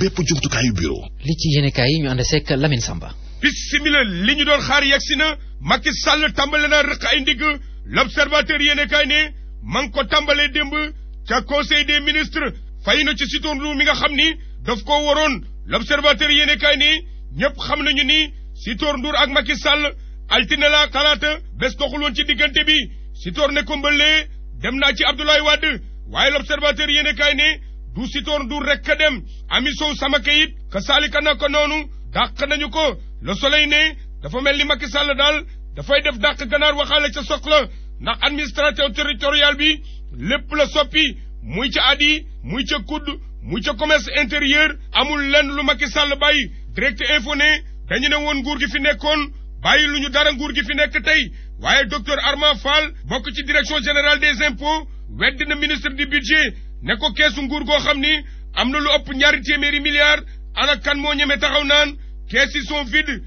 bépp jumtukaayu bureau. li ci yéenekaay yi ñu ànd seeg Lamine Samba. bismillah li ñu doon xaar yegsi na Macky Sall tàmbale na rëq ay ndigg l'observateur yéenekaay ne ma ngi ko tàmbalee démb ca conseil des ministres fay na ci Sitorou mi nga xam ni daf koo waroon l'observateur yéenekaay ne ñëpp xam nañu ni Sitor Ndour ak Macky sàll altine la talaata bés doxul woon ci diggante bi Sitor ne ko mbëllee dem naa ci Abdoulaye Wade waaye l'observateur yéenekaay ne du sitoor du rekk a dem ami sow sama kayit ka saalika na ko noonu dàq nañu ko Le Soleil ne dafa mel ni Macky Sall daal dafay def dàq ganaar waxaale ca soxla ndax administrateur territorial bi lépp la soppi muy ci adi muy ca kudd muy ca commerce intérieur amul lenn lu Macky Sall bàyyi direct info ne dañu ne woon nguur gi fi nekkoon bàyyi lu ñu dara nguur gi fi nekk tey waaye docteur Armand Fall bokk ci direction général des impôts wedd na ministre du budget ne ko keesu nguur goo xam ni am na lu opp ñaari téeméeri milliards ana kan moo ñeme taxaw naan kees yi sont vides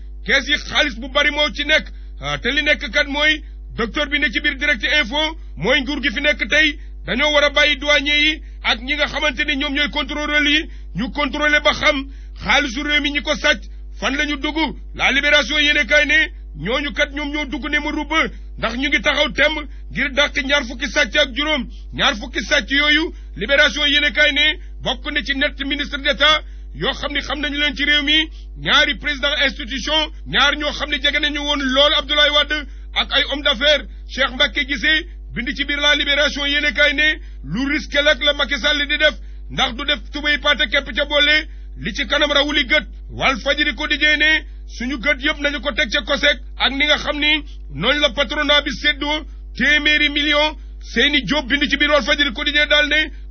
xaalis bu bari moo ci nekk ah, te li nekk kan mooy docteur bi ne ci biir direct info mooy nguur gi fi nekk tey dañoo war a bàyyi douanier yi ak ñi nga xamante ni ñoom ñooy contrôleur yi ñu contrôler ba xam xaalisu réew mi ñi ko sàcc fan la ñu dugg la libération yéene kay ne ñooñu kat ñoom ñoo dugg ne mu rubb ndax ñu ngi taxaw temb ngir dàq ñaar fukki sàcc ak juróom ñaar fukki sàcc yooyu libération yéene kaay ne bokk na ci ñett ministre d'État yoo xam ni xam nañu leen ci réew mi ñaari président institution ñaar ñoo xam ne jege nañu woon lool Abdoulaye Wade ak ay homme d'affaires Cheikh Mbacké Guissé bind ci biir la libération yéene kay ne lu risque lak la Macky Sall di def ndax du def tubay paate képp ca boole li ci kanam raw rawuli gët Walf Fadjri ko dijee su ñu gët yëpp nañu ko teg ca COSEC ak ni nga xam ni noonu la patronat bi séddoo téeméeri million seeni jóob bind ci biir Walf ko dijee daal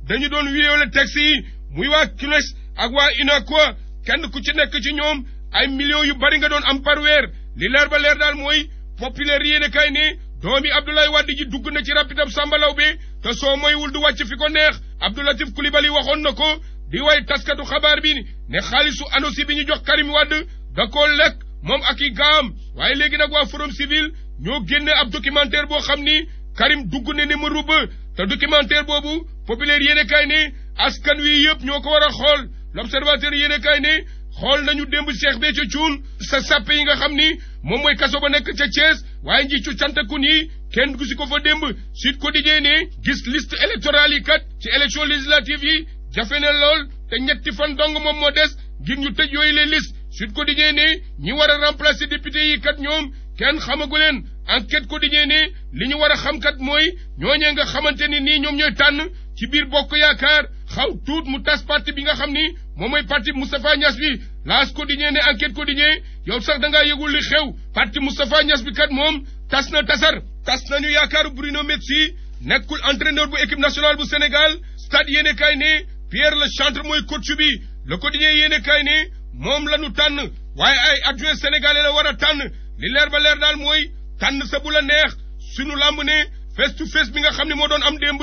dañu doon wéyale taxi yi muy waa CNES ak waa UNACOIS kenn ku ci nekk ci ñoom ay millions yu bari nga doon am parweer weer li leer ba leer daal mooy populaire yéene kay ne doomi Abdoulaye Wade ji dugg na ci rapitab sàmbalaw bi te soo moywul du wàcc fi ko neex Abdou Latif Coulibaly waxoon na ko di way taskatu xabaar bi ne xaalisu ANOCI bi ñu jox Karim Wade da koo lekk moom ak i gaam waaye léegi nag waa Forum Civil ñoo génne ab documentaire boo xam ni Karim dugg ne ni mu rubb te documentaire boobu populaire yéen kay ne askan wi yëpp ñoo ko war a xool l'observateur yéen kay ne xool nañu démb Cheikh Béthio Thioune sa sàppe yi nga xam ni moom mooy kaso ba nekk ca Thiès waaye njiitu cantakun yi kenn gisu ko fa démb Sud Quotidien ne gis liste électorale yi kat ci élection législative yi jafe na lool te ñetti fan dong moom moo des ngir ñu tëj yooyu les listes ko Quotidien ne ñi war a remplacer député yi kat ñoom kenn xamagu leen enquête Quotidien ne li war a xam kat mooy ñooñee nga xamante ni nii ñoom ñooy tànn ci biir bokk yaakaar xaw tuut mu tas parti bi nga xam ni moom mooy parti Moustapha Niass bi laas quotidien ne enquête quotidien yow sax da ngaa yëgul li xew parti Moustapha Niass bi kat moom tas na tasar tas nañu yaakaaru Bruno Metsu nekkul entraîneur bu équipe nationale bu Sénégal stade yéene kaay ne Pierre Lechantre mooy coach bi le quotidien yéene kaay ne moom la ñu tànn waaye ay adjoint sénégalais la war a tànn li leer ba leer daal mooy tànn sa bu la neex sunu làmb ne face to face bi nga xam ne moo doon am démb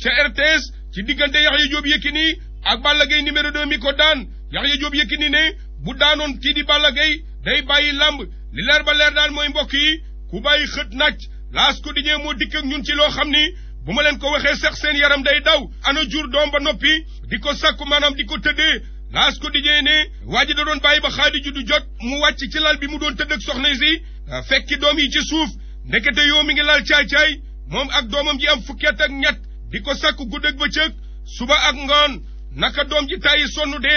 ca RTS ci diggante Yaxya Jóob Yékini ak Balla Gaye numéro 2 mi ko daan Yaxya Jóob Yékini ne bu daanoon kii di Balla Gaye day bàyyi làmb li leer ba leer daal mooy mbokk yi ku bàyyi xët naaj laas ko diñee moo dik ak ñun ci loo xam ni bu ma leen ko waxee sax seen yaram day daw ana jur doom ba noppi di ko sàkku maanaam di ko tëddee laas ko diñee ne waa ji da doon bàyyi ba xaadi ju du jot mu wàcc ci lal bi mu doon tëdd ak soxna si fekki doom yi ci suuf ndekete yoo mi ngi lal caay-caay moom ak doomam ji am fukki at ak ñett di ko sàkk guddeeg bëccëg suba ak ngoon naka doom ji tàyyi sonn de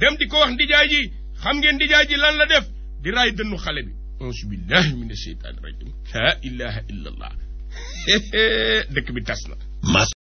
dem di ko wax ndijaay ji xam ngeen ndijaay ji lan la def di raay dënnu xale bi auzu billahi mina sheytaani rajim laa ilaha illa allah dëkk bi tas na